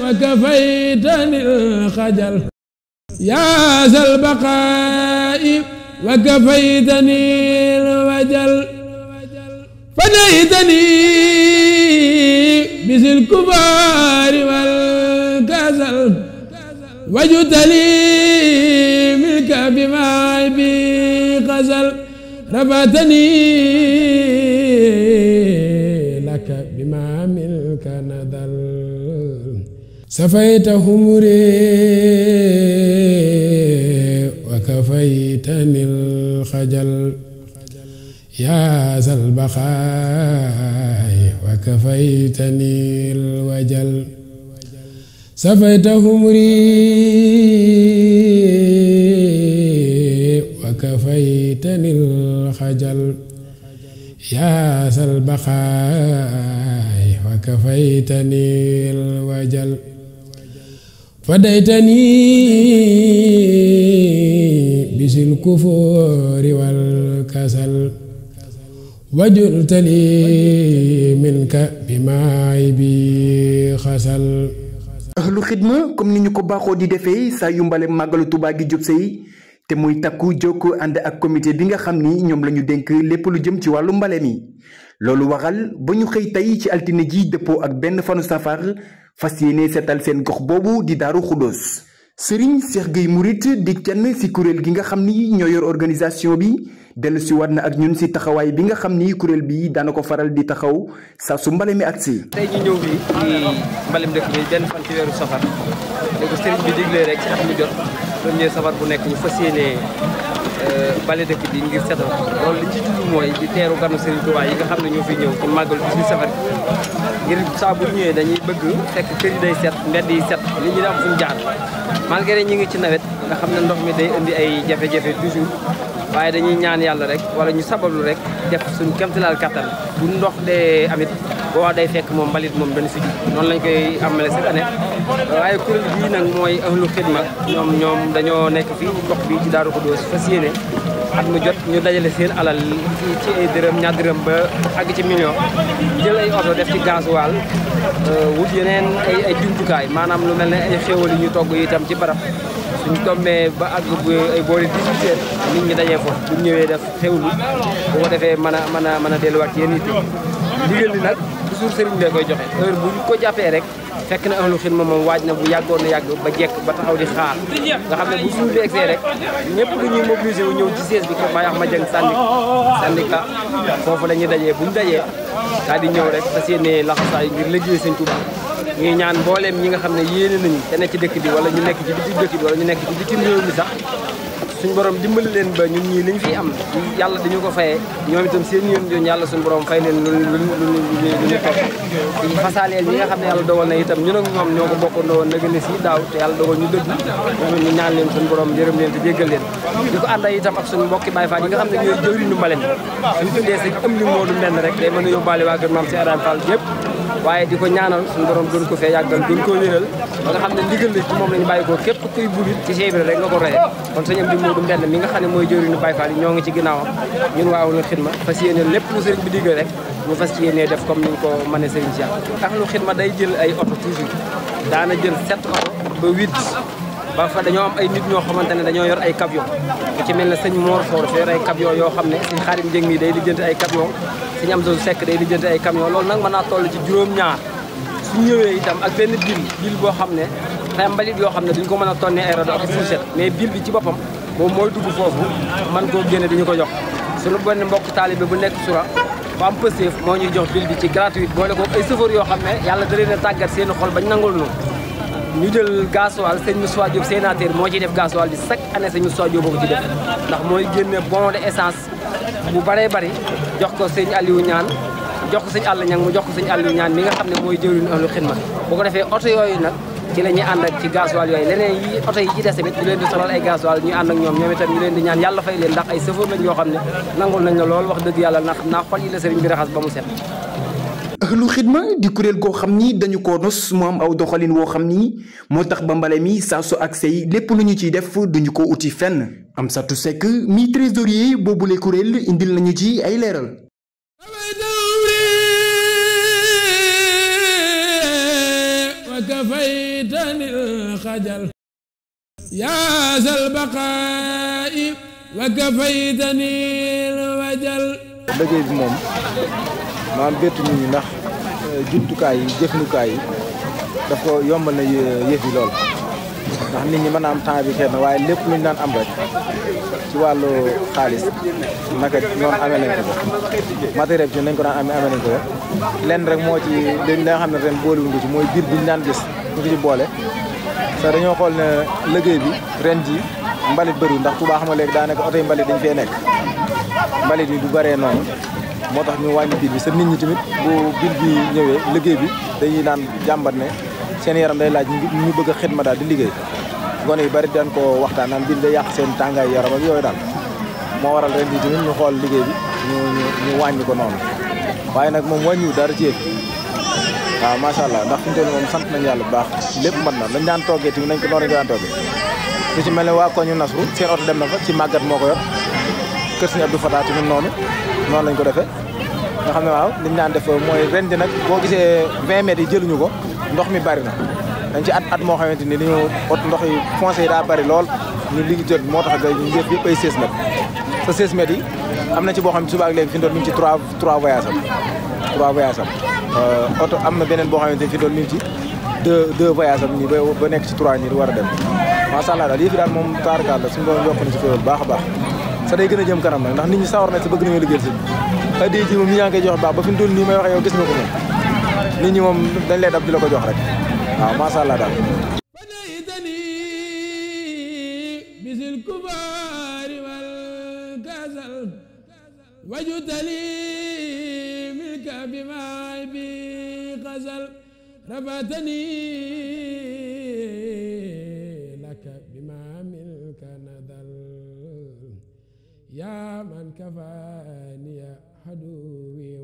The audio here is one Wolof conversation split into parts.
وكفيتني الخجل يا ذا البقاء وكفيتني الوجل فديتني بذي الكبار والكسل وجدتني منك بما بي غزل رفتني لك بما ملك نذل سفيتهم ري وكفيتني الخجل يا ذا البقاء وكفيتني الوجل سفيتهم ري وكفيتني الخجل yaa sal baqaay wa kafaytani alwajal fadaytani bisil kufoori wal kasal wajultani minka bi maay bi xasal ahlu xidma comme ni ñu ko baaxoo di defee saa yu mbale màggalu Tuubaa gi jub sey te muy takku jokk ànd ak comité bi nga xam ni ñoom lañu ñu dénk lépp lu jëm ci wàllu mbale mi loolu waxal ba ñu xëy tey ci altine ji dëppoo ak benn fanu safar fas yéene setal seen gox boobu di daaru xudóos sëriñ Cheikh Gueye Mouride di kenn ci kuréel gi nga xam ni ñoo yor organisation bi dellu si war na ak ñun ci taxawaay bi nga xam ni kuréel bi daana ko faral di taxaw saa su mbale mi agsi tey premier safar bu nekk ñu fas yéenee euh, bale dëkk bi ngir setal loolu li ci jublu mooy di teeru ganu Serigne yi nga xam ne ñoo fi ñëw ci màggal bi ci safar ngir saa bu ñëwee dañuy bëgg fekk kër yi day set mbedd yi set nit ñi di am fuñ jaar malgré ñi ngi ci nawet nga xam ne ndox mi day indi ay jafe-jafe toujours waaye dañuy ñaan yàlla rek wala ñu sabablu rek def suñ kemtilaal kattan bu ndox dee amit boo wax day fekk moom mbalit moom dana si noonu lañ koy amale chaque année waaye kuréel bii nag mooy ahlu xidma ñoom ñoom dañoo nekk fii gox bi ci Daaru Xudoos fas yéene at mu jot ñu dajale seen alal ci ay dërëm ñaar dërëm ba àgg ci million jël ay oto def ci gasoil euh, wut yeneen ay ay jumtukaay maanaam lu mel ne ay xéwal yu ñu togg itam ci barab bu tombee ba àgg bu ay boori 18 heures nit ñi dajee foofu bu ñëwee def xewlu bu ko defee mën a mën a mën a delluwaat ci yenn itam ndigal li nag toujours sëriñ bee koy joxe heure bu ñu ko jàppee rek fekk na ahlu xidma moom waaj na bu yàggoon na yàgg ba jekk ba taxaw di xaar nga xam ne bu suñu beegsee rek ñëpp lu ñuy mobilisé wu ñëw ci siège bi ko Baye Ahmad Dieng sànni sandika foofu la ñuy dajee bu ñu dajee daal di ñëw rek fas yéene laxasaay ngir liggéey sëñ ñu ngi ñaan mbooleem ñi nga xam ne yéene nañu te nekk ci dëkk bi wala ñu nekk ci bitim dëkk bi wala ñu nekk ci bitim réew mi sax suñu borom dimbali leen ba ñun ñii liñ fi am yàlla dañu ko fayee ñoom itam seen yoon yoon yàlla suñu borom fay leen lu lu lu ñu topp ñu fasaaleel ñi nga xam ne yàlla dogal na itam ñun ak ñoom ñoo ko bokkandoo woon nagane si daaw te yàlla dogal ñu dëgg ñu ñaan leen suñu borom yërëm leen te jéggal leen di ko ànda itam ak suñu mbokki Baye Fall yi nga xam ne ñooy jëwriñu mbaleen suñu tuddee sa ëm li moo du mel rek day mën a yóbbaale waa kër maam si Adam Fall yëpp waaye di ko ñaanal suñu borom gën ko fee yàggal gën nga xam ne ndigal la ci moom la ñu bàyyi ko képp kuy bulit ci Cheikh Ibra rek nga ko royee kon sëñ Amdi Moodu Mbenn mi nga xam ne mooy jëriñu Baye Fall yi ñoo ay oto toujours daana jël sept oto ba huit ba fa dañoo am ay nit ñoo xamante ne dañoo yor ay camion ku ci mel ne sëñ Mor Foor fa yor ay camion yoo xam ne sëñ Xaarim Jëng mii day lijjanti ay camion suñu am solo sekk day di jënd ay camion loolu nag mën naa toll ci juróom-ñaar su ñëwee itam ak benn bil bil boo xam ne day yoo xam ne dañu ko mën a tonnee ay rado ak fourchette mais bil bi ci boppam moom mooy dugg foofu man koo génne dañu ko jox su nu benn mbokk taalibe bu nekk sura bu am pësteef moo ñu jox bil bi ci gratuite boole ko ay yoo xam ne yàlla da leen tàggat seen xol bañ nangul ñu ñu jël gasoil sëñ Moussa Diop sénateur moo ciy def gasoil bi chaque année sëñ Moussa Diop boo ko ci ndax mooy génne bon de bu bëree bëri jox ko sëñ Aliou ñaan jox ko sëñ Alla ñang mu ñaan mi nga xam ne mooy jëwriñ ahlu xidma bu ko defee oto yooyu nag ci la ñuy ànd ak ci gasoil yooyu leneen yi oto yi ci des tamit leen di solal ay gasoil ñu ànd ñoom ñoom itam ñu leen di ñaan yàlla fay leen ndax ay sëfoor lañ yoo xam ne nangul nañ la lool wax dëgg yàlla na xam naa xol yi la sëriñ bi ba mu set ahlu xidma di kuréel goo xam ni dañu ko nos mu am aw doxalin woo xam ni moo tax ba mbale mi saa ak sey lépp lu ñu ciy def duñu ko uti fenn am Amsatou Seck mi trésorier boobule kuréel indil nañu ci ay leeral dajee maanaam bettu nit ndax euh, jumtukaay yi jëfandukaay yi daf ko yombal na yëf yi lool ndax nit ñi mën a am temps bi xëy na waaye lépp lu ñu naan am rek ci wàllu xaalis naka noonu amee nañ ko matériel bi nañ ko daan amee amee nañ ko ko lenn rek moo ci li nga xam ne ren boolewuñ ko ci mooy biir bi ñu daan gis ñu ko ci boole sax dañoo xool ne liggéey bi ren ji mbalit bëriwul ndax Tuubaa xam nga léegi daanaka oto yi mbalit dañ fee nekk mbalit yi du bëree noonu moo tax ñu wàññi biir bi sa nit ñi tamit bu biir bi ñëwee liggéey bi dañuy naan jàmbat ne seen yaram day laaj ñu bëgg a xidma daal di liggéey gone yu bari daan ko waxtaan naan biir day yàq seen tàngaay yaram ak yooyu daal moo waral ren di tamit ñu xool liggéey bi ñu ñu ko noonu waaye nag moom wàññiwu dara ci yëg waaw macha allah ndax fi mu sant nañu yàlla bu baax lépp mat na lañ daan toggee tamit nañ ko noonu lañ ko daan mel ne waa koñu nasru seen oto dem na fa ci màggat moo ko yor kër Sëñ Abdou Fata noonu noonu lañ ko defe nga xam ne waaw li ñu daan def mooy ren di nag boo gisee 20 mètres yi jëluñu ko ndox mi bari na dañ ci at at moo xamante ni dañoo ot ndox yi foncé yi daa bari lool ñu ligi jël moo tax ñu yëpp yëpp ay 16 mètres sa 16 mètres yi am na ci boo xam ne subaak léegi fi doon ñu ci 3 3 voyages am 3 voyages am euh, oto am na beneen boo xam ne fi doon ñu ngi ci deux deux voyages am nii ba nekk ci 3 ñi war a dem maa allah daal yëf daal moom taarkaal la suñu doon yokk na ci féewal baax a baax te day gën a jëm kanam nag ndax nit ñi sawar na si bëgg nañoo liggéey si addiya ji moom ñi ñaa ngi koy jox baax ba fi mu toll nii may wax yow gis nga ko moom nit ñi moom dañ lay dab di la ko jox rek waaw masha daal wajutali milka bi maay bi xasal rabatani man kafaaniya haduwi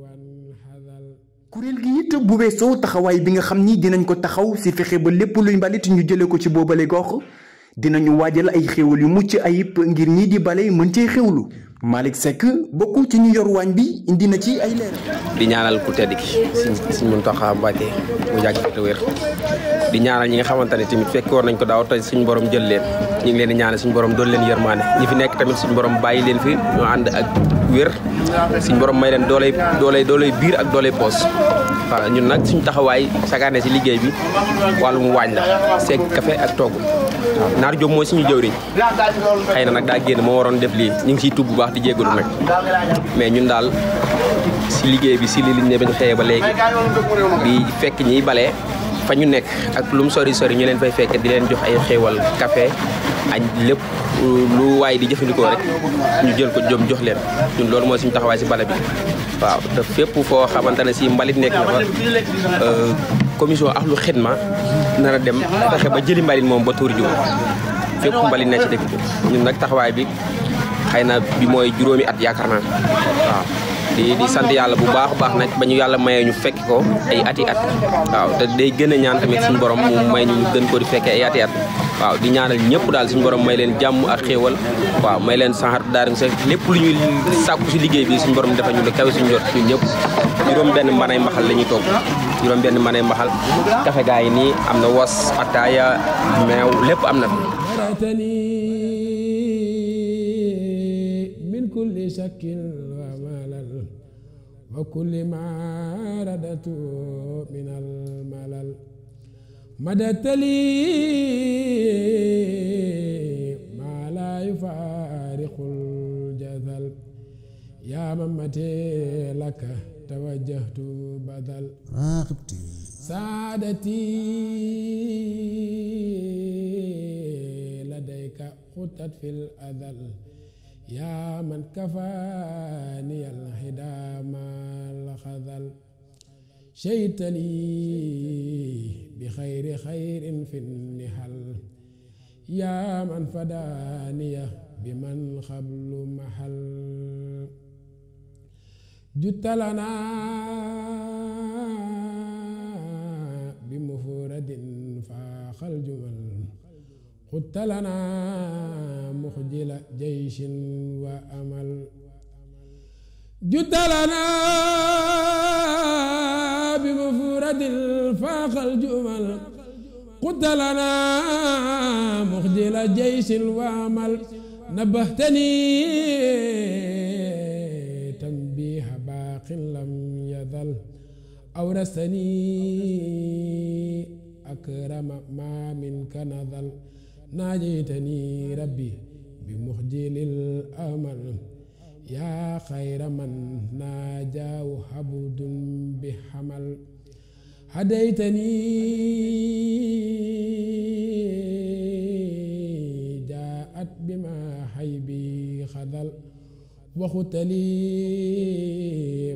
kuréel gi it bu weesoo taxawaay bi nga xam ni dinañ ko taxaw si fexe ba lépp luy mbalit ñu jëlee ko ci boobale gox dinañu waajal ay xéwal yu mucc ayib ngir ñii di bale mën cee xéwlu Malick sekk bokk ci ñu yor waañ bi indi na ci ay leer. di ñaanal ku tedd ki di ñaana ñi nga xamante ne tamit fekk woon nañ ko daaw tey suñu borom jël leen ñu ngi leen di ñaanal suñu borom doon leen yërmaane ñi fi nekk tamit suñu borom bàyyi leen fi ñu ànd suñu borom may leen dooley dooley dooley biir ak dooley poos ñun nag suñu taxawaay sagaane si liggéey bi mu waañ la seeg café ak togg waaw naar Diop mooy jëw jëwriñ xëy na nag daa génn moo waroon def lii ñu ngi siy tubb bu baax di jégalu nag mais ñun daal si liggéey bi si li liñ ne bañ xëyee ba léegi fekk ñiy balee fa ñu nekk ak lu mu sori sori ñu leen fay fekk di leen jox ay xéewal kafe añ lépp euh, lu waay di jëfandikoo rek ñu jël ko jom jox leen ñun loolu mooy suñu taxawaay si bala bi waaw te fépp foo xamante ne si mbalit nekk na fa euh, commission Ahlou Khidma nar a dem fexe ba jëli mbalit moom ba tuur ji fépp mbalit na ci dëkk bi nag taxawaay bi xëy na bi mooy juróomi at yaakaar naa waaw di di sant yàlla bu baax baax nag ba ñu yàlla mayee ñu fekk ko ay ati at waaw te day gën a ñaan tamit suñu borom mu may ñu gën ko di fekkee ay ati at waaw di ñaanal ñëpp daal suñu borom may leen jàmm a xéewal waaw may leen sanxar daarim sa lépp lu ñuy sàkku si liggéey bi suñu borom dafa ñu lu kawe suñu jot ñun ñëpp juróom benn manay mbaxal la ñuy togg juróom benn manay mbaxal kafe gaa nii am na was ataaya meew lépp am na wa kulli ma radatu min al malal madatali ma la yufariqul jazal yaa mamate laka tawajjahtu badal raaqibti saadati ladayka xutat fil adal yaa man kafaani al hidaa شيتني بخير خير في النحل يا من فداني بمن قبل محل جت لنا بمفرد فاخ الجمل قلت لنا مخجل جيش وأمل جت لنا ورد الفاق الجمل قتلنا مخجل جيش وعمل نبهتني تنبيه باق لم يذل أورثني أكرم ما منك نذل ناجيتني ربي بمخجل الأمل يا خير من ناجاه عبد بحمل hadaytani jaat bima haybi xadal waxutali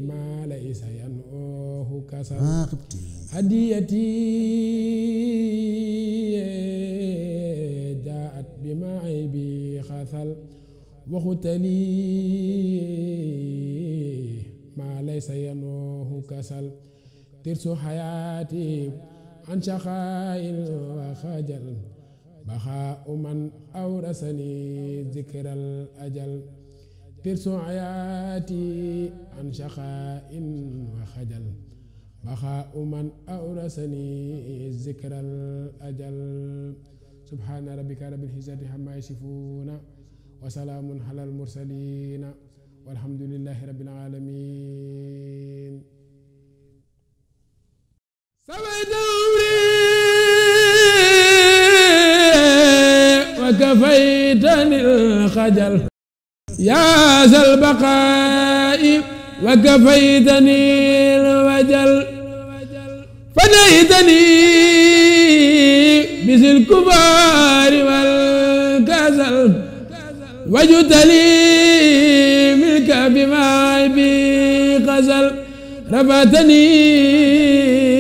ma laysa yanoohu kasal hadiyati jaat bima haybi xasal waxutali ma laysa yanoohu kasal ترس حياتي عن شقاء وخجل بخاء من أورثني ذكر الأجل ترس حياتي عن شقاء وخجل بخاء من أورثني ذكر الأجل سبحان ربك رب العزة عما يصفون وسلام على المرسلين والحمد لله رب العالمين وكفيتني الخجل يا ذا البقاء وكفيتني الوجل فديتني بذي الكبار والكسل وجدتني ملك بما بي غزل رفتني